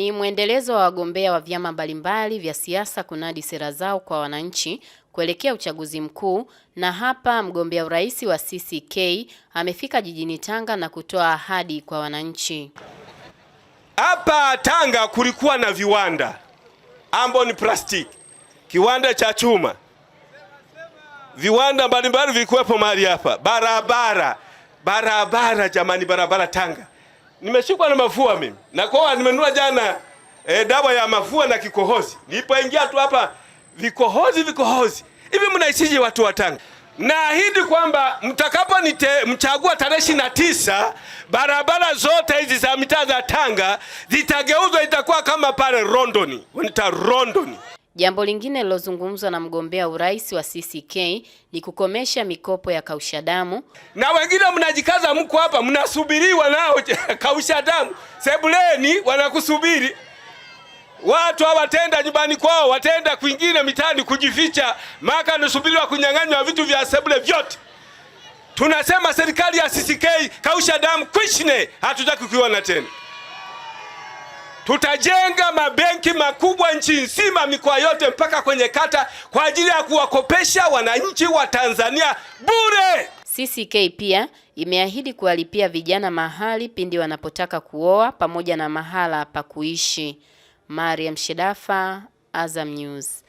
Ni mwendelezo wa wagombea wa vyama mbalimbali vya siasa kunadi sera zao kwa wananchi kuelekea uchaguzi mkuu, na hapa mgombea urais wa CCK amefika jijini Tanga na kutoa ahadi kwa wananchi. Hapa Tanga kulikuwa na viwanda ambapo ni plastiki, kiwanda cha chuma, viwanda mbalimbali vilikuwepo mahali hapa, barabara barabara, jamani, barabara Tanga nimeshikwa na mafua mimi na kwa nimenunua jana e, dawa ya mafua na kikohozi. Nilipoingia tu hapa vikohozi vikohozi hivi, mnaishije watu wa Tanga? Naahidi kwamba mtakaponimchagua tarehe ishirini na tisa barabara zote hizi za mitaa za Tanga zitageuzwa, itakuwa kama pale Rondoni, wanita Rondoni. Jambo lingine lilozungumzwa na mgombea urais wa CCK ni kukomesha mikopo ya kausha damu. Na wengine mnajikaza, mko hapa mnasubiriwa nao kausha damu, sebuleni wanakusubiri watu watenda nyumbani kwao, watenda kwingine mitaani kujificha, maka anasubiriwa kunyang'anywa vitu vya sebule vyote. Tunasema serikali ya CCK, kausha damu kwishne, hatutaki kuiona tena. Tutajenga mabenki makubwa nchi nzima, mikoa yote mpaka kwenye kata, kwa ajili ya kuwakopesha wananchi wa Tanzania bure. CCK pia imeahidi kuwalipia vijana mahali pindi wanapotaka kuoa pamoja na mahala pa kuishi. Mariam Shedafa, Azam News.